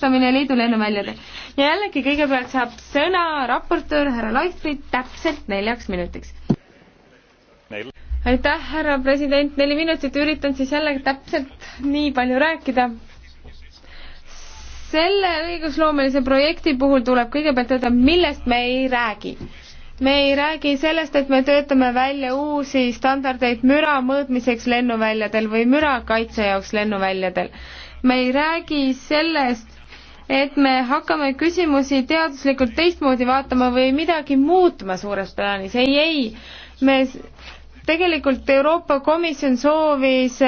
otsustamine liidu lennuväljaga. ja jällegi kõigepealt saab sõna raportöör härra Leifrid täpselt neljaks minutiks. aitäh, härra president, neli minutit, üritan siis jälle täpselt nii palju rääkida selle õigusloomelise projekti puhul tuleb kõigepealt öelda, millest me ei räägi. me ei räägi sellest, et me töötame välja uusi standardeid müra mõõtmiseks lennuväljadel või mürakaitse jaoks lennuväljadel. me ei räägi sellest, et me hakkame küsimusi teaduslikult teistmoodi vaatama või midagi muutma suures plaanis, ei, ei, me tegelikult Euroopa Komisjon soovis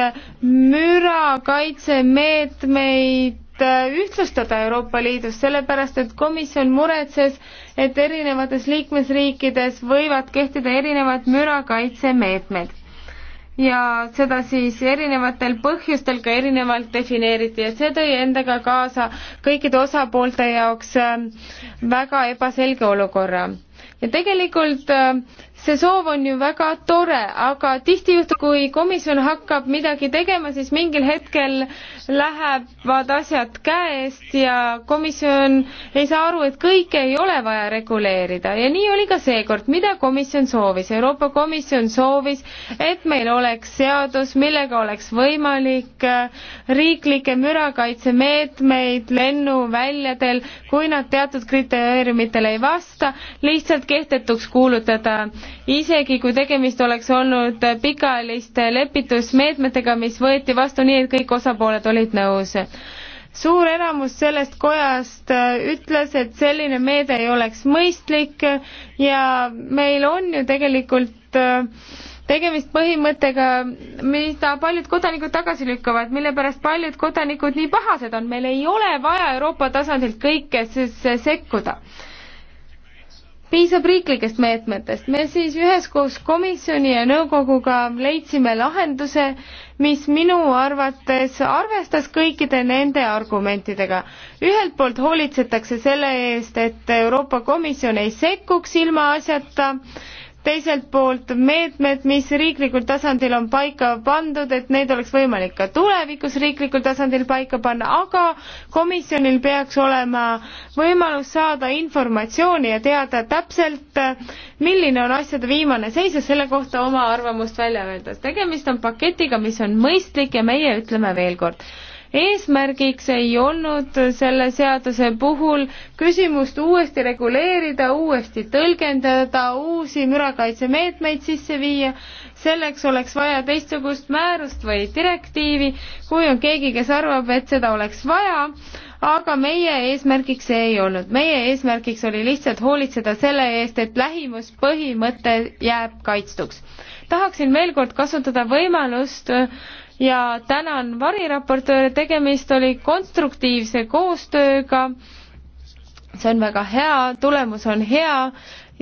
mürakaitsemeetmeid äh, ühtlustada Euroopa Liidus, sellepärast et komisjon muretses, et erinevates liikmesriikides võivad kehtida erinevad mürakaitsemeetmed ja seda siis erinevatel põhjustel ka erinevalt defineeriti ja see tõi endaga kaasa kõikide osapoolte jaoks ähm, väga ebaselge olukorra. ja tegelikult äh, see soov on ju väga tore, aga tihti juhtub, kui komisjon hakkab midagi tegema, siis mingil hetkel lähevad asjad käest ja komisjon ei saa aru, et kõike ei ole vaja reguleerida ja nii oli ka seekord, mida komisjon soovis, Euroopa Komisjon soovis, et meil oleks seadus, millega oleks võimalik äh, riiklikke mürakaitsemeetmeid lennuväljadel, kui nad teatud kriteeriumitele ei vasta, lihtsalt kehtetuks kuulutada isegi kui tegemist oleks olnud pikaajaliste lepitusmeetmetega, mis võeti vastu nii, et kõik osapooled olid nõus suur enamus sellest kojast äh, ütles, et selline meede ei oleks mõistlik ja meil on ju tegelikult äh, tegemist põhimõttega, mida paljud kodanikud tagasi lükkavad, mille pärast paljud kodanikud nii pahased on, meil ei ole vaja Euroopa tasandilt kõikesse sekkuda piisab riiklikest meetmetest. me siis üheskoos komisjoni ja nõukoguga leidsime lahenduse, mis minu arvates arvestas kõikide nende argumentidega. ühelt poolt hoolitsetakse selle eest, et Euroopa Komisjon ei sekkuks ilmaasjata teiselt poolt meetmed, mis riiklikul tasandil on paika pandud, et need oleks võimalik ka tulevikus riiklikul tasandil paika panna, aga komisjonil peaks olema võimalus saada informatsiooni ja teada täpselt, milline on asjade viimane seis ja selle kohta oma arvamust välja öelda. tegemist on paketiga, mis on mõistlik ja meie ütleme veel kord eesmärgiks ei olnud selle seaduse puhul küsimust uuesti reguleerida, uuesti tõlgendada, uusi mürakaitsemeetmeid sisse viia, selleks oleks vaja teistsugust määrust või direktiivi, kui on keegi, kes arvab, et seda oleks vaja, aga meie eesmärgiks see ei olnud. meie eesmärgiks oli lihtsalt hoolitseda selle eest, et lähimuspõhimõte jääb kaitstuks. tahaksin veel kord kasutada võimalust ja tänan variraportööre, tegemist oli konstruktiivse koostööga, see on väga hea, tulemus on hea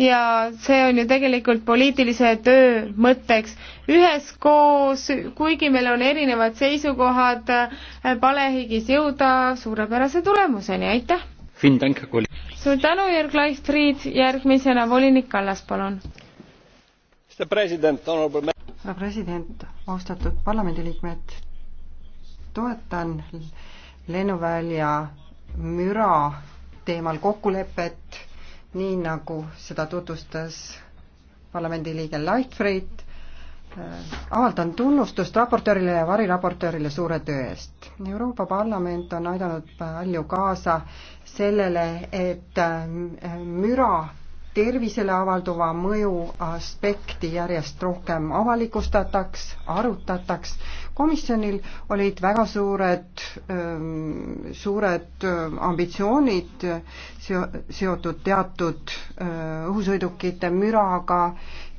ja see on ju tegelikult poliitilise töö mõtteks. üheskoos, kuigi meil on erinevad seisukohad, palehigis jõuda suurepärase tulemuseni, aitäh! suur tänu, Jörg Leifried, järgmisena volinik Kallas, palun! härra president, austatud parlamendiliikmed, toetan lennuvälja müra teemal kokkulepet, nii nagu seda tutvustas parlamendiliige Leichtfried. avaldan tunnustust raportöörile ja variraportöörile suure töö eest. Euroopa Parlament on aidanud palju kaasa sellele, et müra tervisele avalduva mõju aspekti järjest rohkem avalikustataks, arutataks. komisjonil olid väga suured, ähm, suured ähm, ambitsioonid seotud teatud äh, õhusõidukite müraga,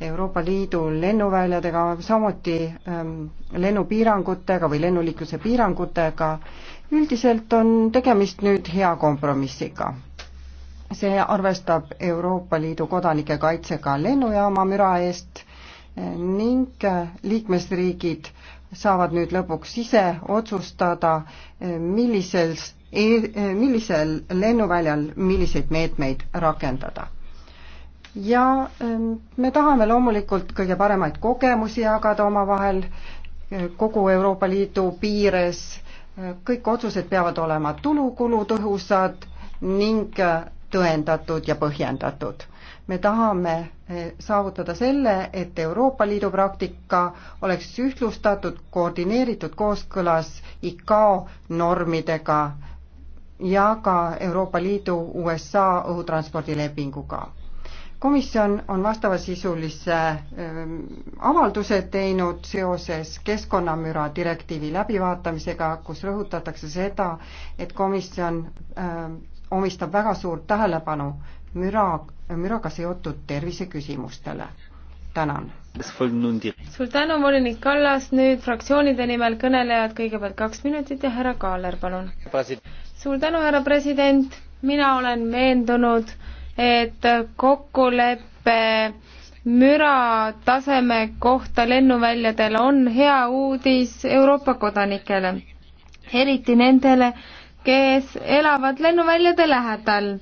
Euroopa Liidu lennuväljadega, samuti ähm, lennupiirangutega või lennuliikluse piirangutega. üldiselt on tegemist nüüd hea kompromissiga see arvestab Euroopa Liidu kodanike kaitsega lennujaama müra eest ning liikmesriigid saavad nüüd lõpuks ise otsustada, millises, e-, millisel lennuväljal milliseid meetmeid rakendada. ja ähm, me tahame loomulikult kõige paremaid kogemusi jagada omavahel äh, kogu Euroopa Liidu piires, äh, kõik otsused peavad olema tulukulu tõhusad ning äh, tõendatud ja põhjendatud. me tahame eh, saavutada selle, et Euroopa Liidu praktika oleks ühtlustatud, koordineeritud kooskõlas ICAO normidega ja ka Euroopa Liidu USA õhutranspordilepinguga komisjon on vastavasisulise ehm, avalduse teinud seoses keskkonnamüra direktiivi läbivaatamisega, kus rõhutatakse seda, et komisjon ehm, omistab väga suurt tähelepanu müra, müraga seotud terviseküsimustele. tänan. suur tänu, volinik Kallas, nüüd fraktsioonide nimel kõnelejad, kõigepealt kaks minutit ja härra Kaaler, palun. suur tänu, härra president, mina olen veendunud, et kokkulepe müra taseme kohta lennuväljadel on hea uudis Euroopa kodanikele, eriti nendele, kes elavad lennuväljade lähedal.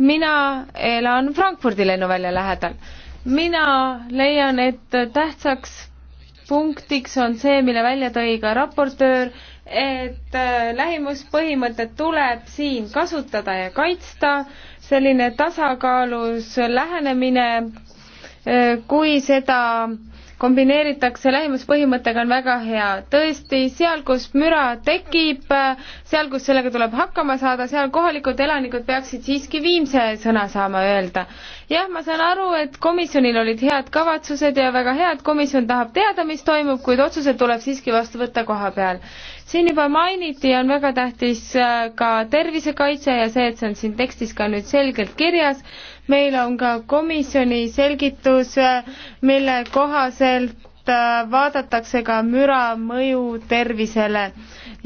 mina elan Frankfurdi lennuvälja lähedal. mina leian, et tähtsaks punktiks on see, mille välja tõi ka raportöör, et äh, lähimuspõhimõtet tuleb siin kasutada ja kaitsta, selline tasakaalus lähenemine, äh, kui seda kombineeritakse lähimuspõhimõttega, on väga hea. tõesti, seal, kus müra tekib, seal, kus sellega tuleb hakkama saada, seal kohalikud elanikud peaksid siiski viimse sõna saama öelda. jah, ma saan aru, et komisjonil olid head kavatsused ja väga hea, et komisjon tahab teada, mis toimub, kuid otsused tuleb siiski vastu võtta koha peal siin juba mainiti, on väga tähtis äh, ka tervisekaitse ja see, et see on siin tekstis ka nüüd selgelt kirjas meil on ka komisjoni selgitus, mille kohaselt äh, vaadatakse ka müra mõju tervisele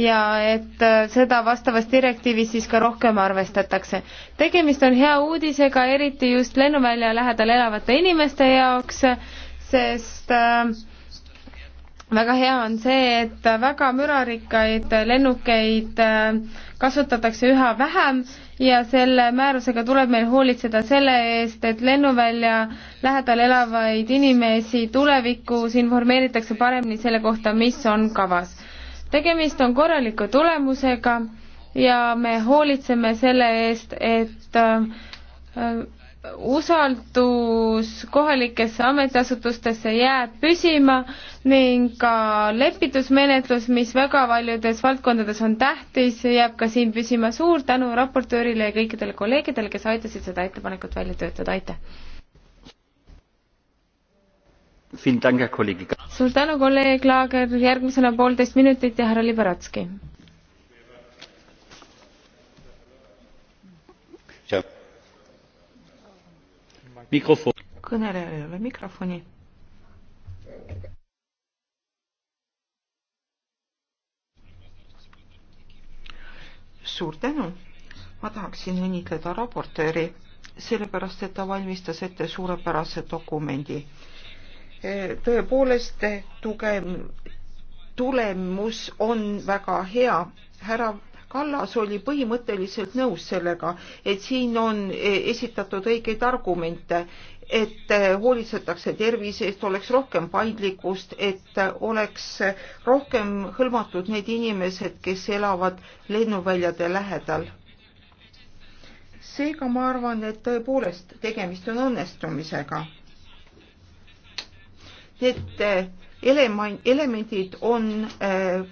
ja et äh, seda vastavas direktiivis siis ka rohkem arvestatakse. tegemist on hea uudisega, eriti just lennuvälja lähedal elavate inimeste jaoks, sest äh, väga hea on see, et väga mürarikkaid lennukeid äh, kasutatakse üha vähem ja selle määrusega tuleb meil hoolitseda selle eest, et lennuvälja lähedal elavaid inimesi tulevikus informeeritakse paremini selle kohta, mis on kavas. tegemist on korraliku tulemusega ja me hoolitseme selle eest, et äh, usaldus kohalikesse ametiasutustesse jääb püsima ning ka lepitusmenetlus, mis väga paljudes valdkondades on tähtis, jääb ka siin püsima. suur tänu raportöörile ja kõikidele kolleegidele, kes aitasid seda ettepanekut välja töötada, aitäh! suur tänu, kolleeg Laager, järgmisena poolteist minutit ja härra Liberatski mikrofon. kõnelejal ei ole mikrofoni. suur tänu. ma tahaksin õnnitleda raportööri, sellepärast et ta valmistas ette suurepärase dokumendi. E, tõepoolest, tugev tulemus on väga hea. härra Kallas oli põhimõtteliselt nõus sellega, et siin on e, esitatud õigeid argumente, et e, hoolitsetakse tervise eest, oleks rohkem paindlikkust, et oleks rohkem hõlmatud need inimesed, kes elavad lennuväljade lähedal. seega ma arvan, et tõepoolest tegemist on õnnestumisega. Need e, elemendid on äh,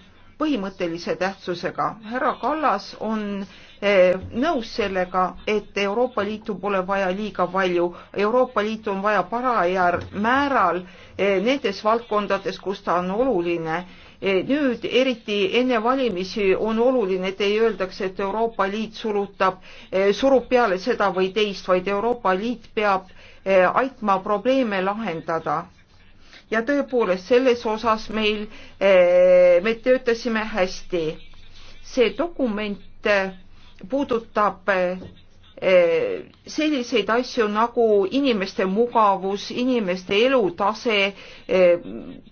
põhimõttelise tähtsusega. härra Kallas on eh, nõus sellega, et Euroopa Liitu pole vaja liiga palju, Euroopa Liitu on vaja parajal määral eh, nendes valdkondades, kus ta on oluline. Eh, nüüd eriti enne valimisi on oluline, et ei öeldaks, et Euroopa Liit surutab, surub peale seda või teist, vaid Euroopa Liit peab aitma probleeme lahendada ja tõepoolest selles osas meil, eh, me töötasime hästi. see dokument eh, puudutab eh, selliseid asju nagu inimeste mugavus, inimeste elutase,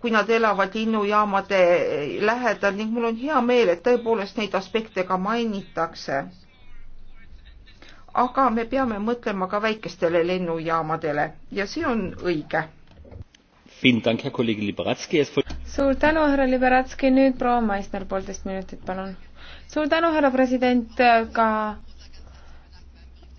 kui nad elavad linnujaamade lähedal ning mul on hea meel, et tõepoolest neid aspekte ka mainitakse. aga me peame mõtlema ka väikestele lennujaamadele ja see on õige suur tänu, härra Liberatski, nüüd proua Maisner, poolteist minutit, palun. suur tänu, härra president, ka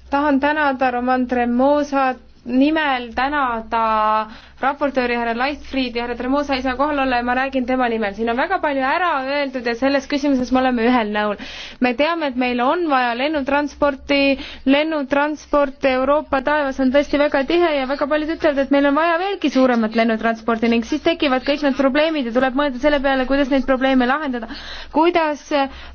tahan tänada Roman Tremosat nimel tänada raportööri härra Leichtfried ja härra Tremosa ei saa kohal olla ja ma räägin tema nimel. siin on väga palju ära öeldud ja selles küsimuses me oleme ühel nõul. me teame, et meil on vaja lennutransporti, lennutransport Euroopa taevas on tõesti väga tihe ja väga paljud ütlevad, et meil on vaja veelgi suuremat lennutransporti ning siis tekivad kõik need probleemid ja tuleb mõelda selle peale, kuidas neid probleeme lahendada. kuidas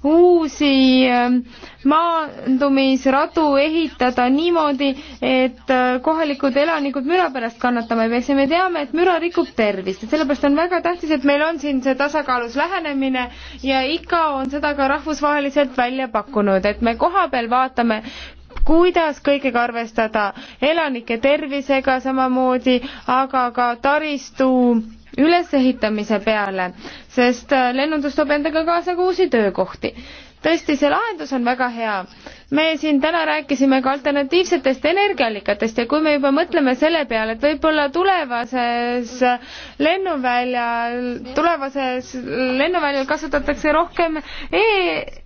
uusi ähm, maandumisradu ehitada niimoodi, et äh, kohalikud elanikud müra pärast kannatama ei peaks ja me teame, teame, et müra rikub tervist ja sellepärast on väga tähtis, et meil on siin see tasakaalus lähenemine ja ICAO on seda ka rahvusvaheliselt välja pakkunud, et me kohapeal vaatame, kuidas kõigega arvestada elanike tervisega samamoodi, aga ka taristu ülesehitamise peale, sest lennundus toob endaga kaasa ka uusi töökohti. tõesti, see lahendus on väga hea me siin täna rääkisime ka alternatiivsetest energiaallikatest ja kui me juba mõtleme selle peale, et võib-olla tulevases lennuväljal, tulevases lennuväljal kasutatakse rohkem e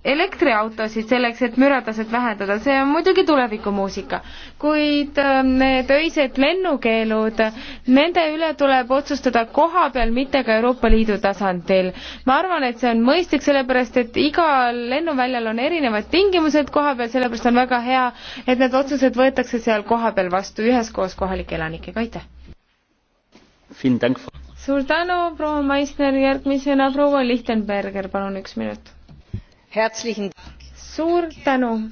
elektriautosid selleks, et mürataset vähendada, see on muidugi tulevikumuusika. kuid ähm, need öised lennukeelud, nende üle tuleb otsustada koha peal, mitte ka Euroopa Liidu tasandil. ma arvan, et see on mõistlik, sellepärast et igal lennuväljal on erinevad tingimused koha peal, sellepärast on väga hea, et need otsused võetakse seal kohapeal vastu üheskoos kohalike elanikega, aitäh! suur tänu, proua Maisner, järgmisena proua Lichtenberger, palun üks minut suur tänu!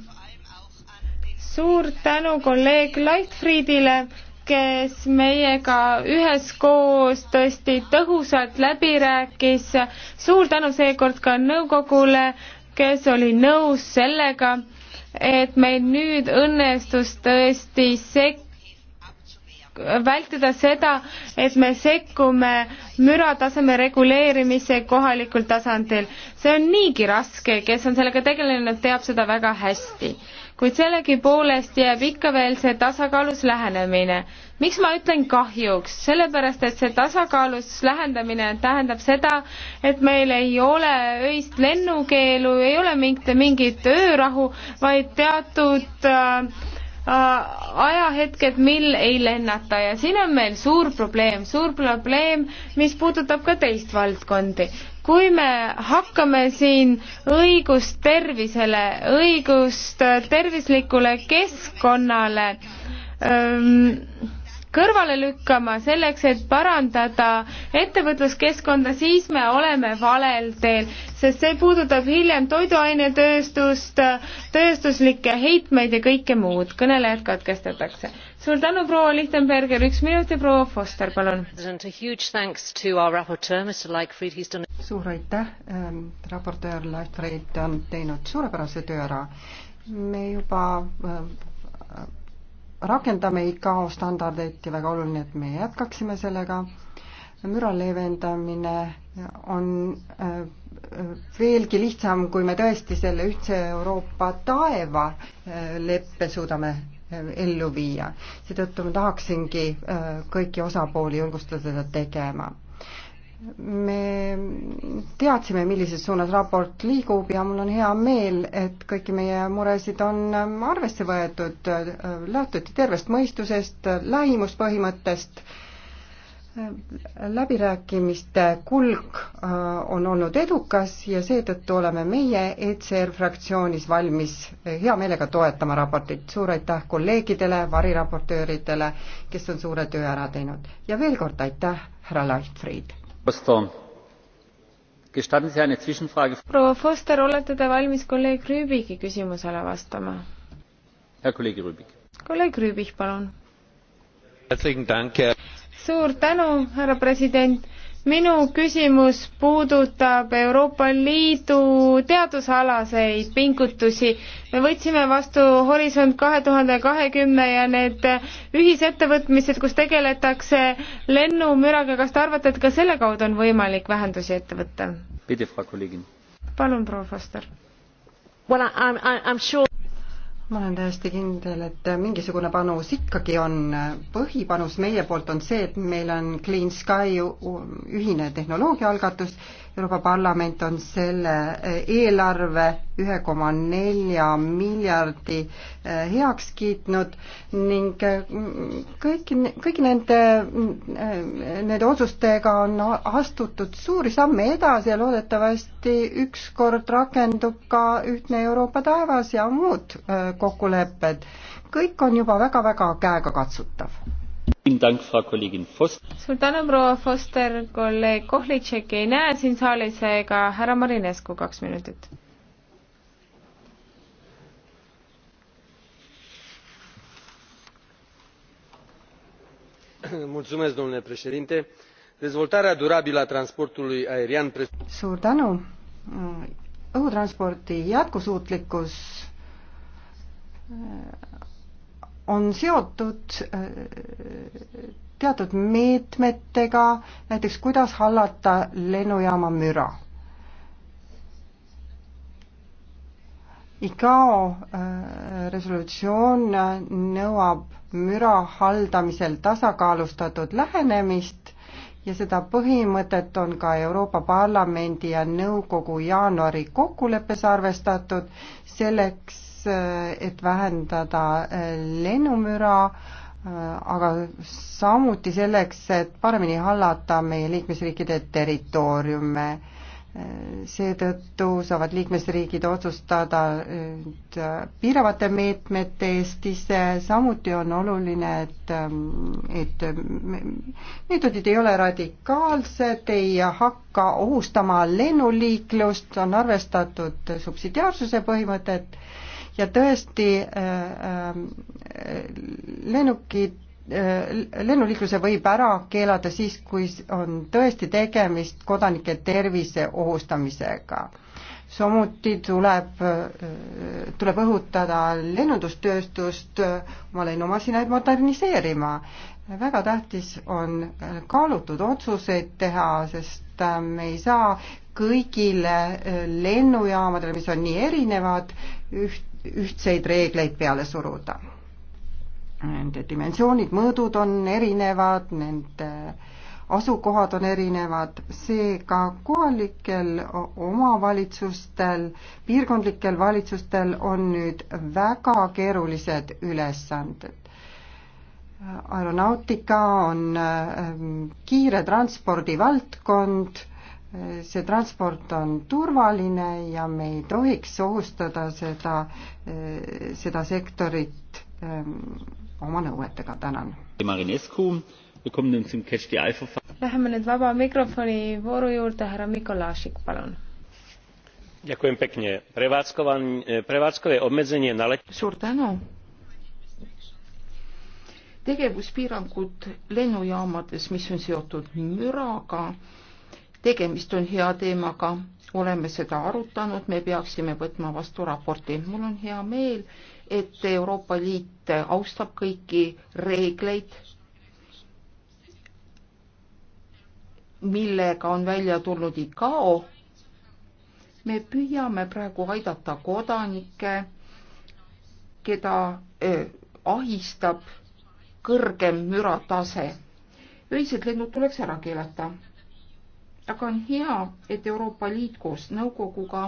suur tänu kolleeg Leitfriedile, kes meiega üheskoos tõesti tõhusalt läbi rääkis. suur tänu seekord ka nõukogule, kes oli nõus sellega, et meil nüüd õnnestus tõesti sekkuda vältida seda, et me sekkume mürataseme reguleerimisse kohalikul tasandil. see on niigi raske, kes on sellega tegelenud, teab seda väga hästi. kuid sellegipoolest jääb ikka veel see tasakaalus lähenemine. miks ma ütlen kahjuks? sellepärast, et see tasakaalus lähendamine tähendab seda, et meil ei ole öist lennukeelu, ei ole mingit, mingit öörahu, vaid teatud äh, Äh, ajahetked, mil ei lennata ja siin on meil suur probleem, suur probleem, mis puudutab ka teist valdkondi. kui me hakkame siin õigust tervisele, õigust tervislikule keskkonnale ähm, kõrvale lükkama selleks, et parandada ettevõtluskeskkonda, siis me oleme valel teel, sest see puudutab hiljem toiduainetööstust, tööstuslikke heitmeid ja kõike muud. kõnelejad katkestatakse. suur tänu, proua Lichtenberger, üks minut ja proua Foster, palun. suur aitäh ähm,, raportöör Leifrid on teinud suurepärase töö ära. me juba äh, rakendame ICAO standardeid ja väga oluline, et me jätkaksime sellega. müra leevendamine on äh, veelgi lihtsam, kui me tõesti selle ühtse Euroopa taeva äh, leppe suudame äh, ellu viia. seetõttu ma tahaksingi kõiki osapooli julgustada seda tegema me teadsime, millises suunas raport liigub ja mul on hea meel, et kõiki meie muresid on ähm, arvesse võetud, äh, lähtuti tervest mõistusest, lähimuspõhimõttest, äh, läbirääkimiste kulg äh, on olnud edukas ja seetõttu oleme meie ECR fraktsioonis valmis hea meelega toetama raportit. suur aitäh kolleegidele, variraportööridele, kes on suure töö ära teinud ja veel kord aitäh, härra Leichtfried! proua Foster, olete te valmis kolleeg Rüübigi küsimusele vastama? kolleeg Rüübik, palun. suur tänu, härra president minu küsimus puudutab Euroopa Liidu teadusalaseid pingutusi. me võtsime vastu Horisont kahe tuhande kahekümne ja need ühisettevõtmised, kus tegeletakse lennumüraga, kas te arvate, et ka selle kaudu on võimalik vähendusi ette võtta? palun, proua Foster. Well, I, I, I'm sure ma olen täiesti kindel, et mingisugune panus ikkagi on, põhipanus meie poolt on see, et meil on Clean Sky ühine tehnoloogiaalgatus Euroopa Parlament on selle eh, eelarve ühe koma nelja miljardi eh, heaks kiitnud ning eh, kõik, kõigi nende, nende otsustega on astutud suuri samme edasi ja loodetavasti ükskord rakendub ka ühtne Euroopa taevas ja muud kokkulepped. kõik on juba väga-väga käegakatsutav suur tänu, proua Foster, kolleeg Kohlitšeki ei näe siin saalis ega härra Marinescu, kaks minutit. domnule președinte dezvoltarea durabilă a transportului aerian suur tänu õhutranspordi jätkusuutlikkus on seotud äh, teatud meetmetega, näiteks kuidas hallata lennujaama müra. ICAO äh, resolutsioon nõuab müra haldamisel tasakaalustatud lähenemist ja seda põhimõtet on ka Euroopa Parlamendi ja Nõukogu jaanuari kokkuleppes arvestatud selleks, Äh, et vähendada äh, lennumüra, äh, aga samuti selleks, et paremini hallata meie liikmesriikide territooriume. seetõttu saavad liikmesriigid otsustada piiravate meetmete eest ise, samuti on oluline, et, ähm, et meetodid ei ole radikaalsed, ei hakka ohustama lennuliiklust, on arvestatud subsidiaarsuse põhimõtet ja tõesti äh, äh, lennukid äh, lennuliikluse võib ära keelata siis, kui on tõesti tegemist kodanike tervise ohustamisega. samuti tuleb, tuleb õhutada lennundustööstust oma lennumasinaid moderniseerima. väga tähtis on kaalutud otsuseid teha, sest me ei saa kõigile lennujaamadele, mis on nii erinevad, üht ühtseid reegleid peale suruda. Nende dimensioonid, mõõdud on erinevad, nende asukohad on erinevad, seega kohalikel omavalitsustel, piirkondlikel valitsustel on nüüd väga keerulised ülesanded aeronautika on ähm, kiire transpordi valdkond see transport on turvaline ja me ei tohiks ohustada seda, seda sektorit ähm, oma nõuetega, tänan. Läheme nüüd vaba mikrofoni vooru juurde, härra Mikolašik, palun. suur tänu. tegevuspiirangud lennujaamades, mis on seotud müraga tegemist on hea teemaga, oleme seda arutanud, me peaksime võtma vastu raporti. mul on hea meel, et Euroopa Liit austab kõiki reegleid, millega on välja tulnud ICAO. me püüame praegu aidata kodanikke, keda eh, ahistab kõrgem müratase. öised lennud tuleks ära keelata aga on hea, et Euroopa Liit koos nõukoguga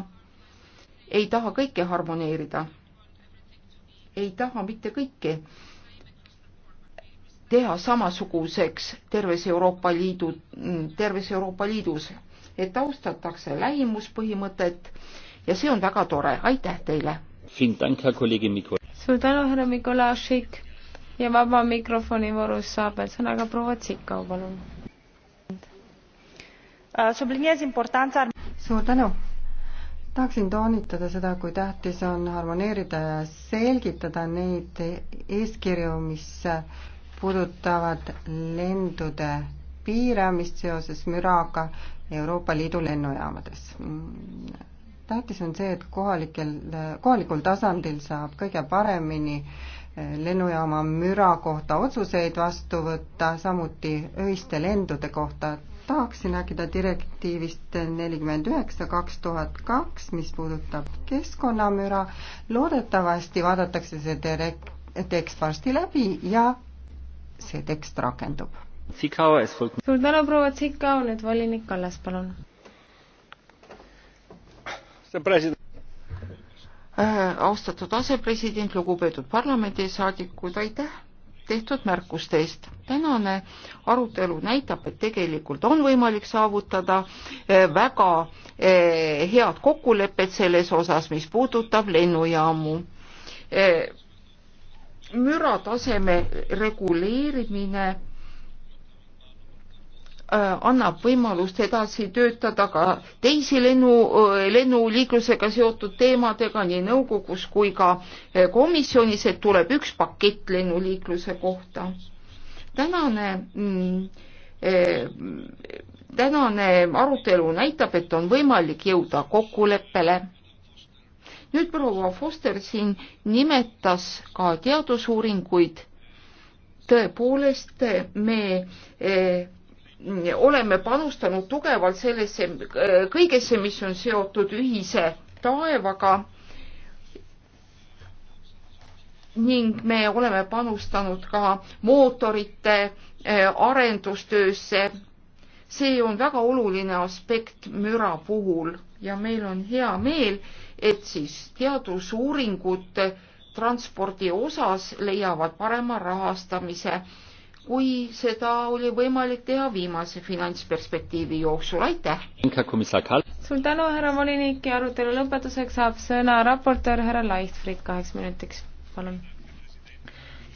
ei taha kõike harmoneerida, ei taha mitte kõike teha samasuguseks terves Euroopa Liidu, terves Euroopa Liidus, et austatakse lähimuspõhimõtet ja see on väga tore, aitäh teile! suur tänu, härra Mikolašik ja vaba mikrofoni voorus saab veel sõna ka proua Tsikau, palun Äh, subliniez importanța. suur tänu. tahaksin toonitada seda, kui tähtis on harmoneerida ja selgitada neid eeskirju, mis puudutavad lendude piiramist seoses müraga Euroopa Liidu lennujaamades. tähtis on see, et kohalikel, kohalikul tasandil saab kõige paremini eh, lennujaama müra kohta otsuseid vastu võtta, samuti öiste lendude kohta tahaksin rääkida direktiivist nelikümmend üheksa, kaks tuhat kaks, mis puudutab keskkonnamüra. loodetavasti vaadatakse see direkt-, tekst varsti läbi ja see tekst rakendub. suur tänu, proua Tsikao, nüüd volinik Kallas, palun. Äh, austatud asepresident, lugupeetud parlamendisaadikud, aitäh tehtud märkuste eest. tänane arutelu näitab, et tegelikult on võimalik saavutada eh, väga eh, head kokkulepped selles osas, mis puudutab lennujaamu. Eh, mürataseme reguleerimine Äh, annab võimalust edasi töötada ka teisi lennu, äh, lennuliiklusega seotud teemadega nii nõukogus kui ka äh, komisjonis, et tuleb üks pakett lennuliikluse kohta. tänane mm, tänane arutelu näitab, et on võimalik jõuda kokkuleppele. nüüd proua Foster siin nimetas ka teadusuuringuid. tõepoolest, me oleme panustanud tugevalt sellesse kõigesse, mis on seotud ühise taevaga. ning me oleme panustanud ka mootorite eh, arendustöösse. see on väga oluline aspekt müra puhul ja meil on hea meel, et siis teadusuuringud transpordi osas leiavad parema rahastamise kui seda oli võimalik teha viimase finantsperspektiivi jooksul, aitäh! suur tänu, härra volinik ja arutelu lõpetuseks saab sõna raportöör härra Leichtfried kaheks minutiks, palun.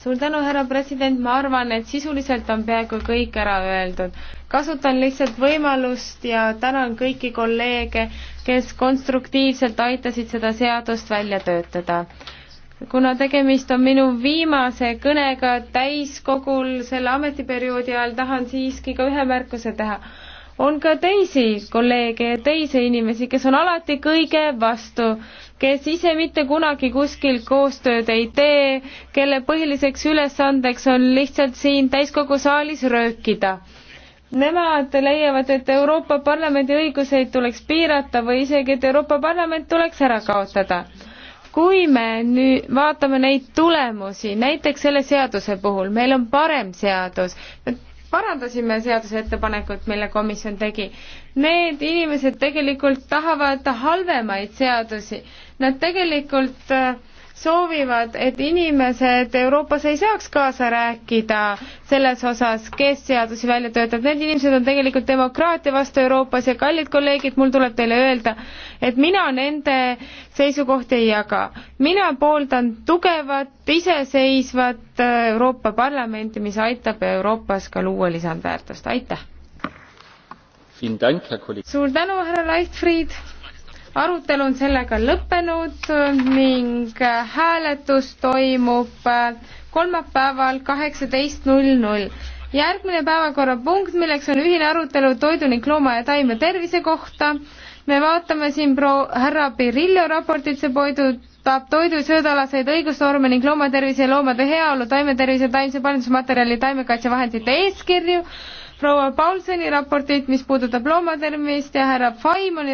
suur tänu, härra president, ma arvan, et sisuliselt on peaaegu kõik ära öeldud. kasutan lihtsalt võimalust ja tänan kõiki kolleege, kes konstruktiivselt aitasid seda seadust välja töötada kuna tegemist on minu viimase kõnega täiskogul selle ametiperioodi ajal, tahan siiski ka ühe märkuse teha. on ka teisi kolleege ja teisi inimesi, kes on alati kõige vastu, kes ise mitte kunagi kuskil koostööd ei tee, kelle põhiliseks ülesandeks on lihtsalt siin täiskogu saalis röökida nemad leiavad, et Euroopa Parlamendi õiguseid tuleks piirata või isegi, et Euroopa Parlament tuleks ära kaotada kui me nüüd vaatame neid tulemusi, näiteks selle seaduse puhul, meil on parem seadus, parandasime seaduseettepanekut, mille komisjon tegi. Need inimesed tegelikult tahavad halvemaid seadusi, nad tegelikult äh, soovivad, et inimesed Euroopas ei saaks kaasa rääkida selles osas, kes seadusi välja töötab. Need inimesed on tegelikult demokraatia vastu Euroopas ja kallid kolleegid, mul tuleb teile öelda, et mina nende seisukohti ei jaga. mina pooldan tugevat, iseseisvat äh, Euroopa Parlamenti, mis aitab Euroopas ka luua lisandväärtust. aitäh! suur tänu, härra Leichtfried! arutelu on sellega lõppenud ning hääletus toimub kolmapäeval kaheksateist null null. järgmine päevakorrapunkt, milleks on ühine arutelu toidu ning looma ja taime tervise kohta. me vaatame siin pro-, härra Pirillo raportit, see puudutab toidu ja söödaalaseid õigusnorme ning loomatervise ja loomade heaolu, taimetervise, taimse paljundusmaterjali, taimekaitsevahendite eeskirju proua Paulseni raportit, mis puudutab loomatervist ja härra Faimoni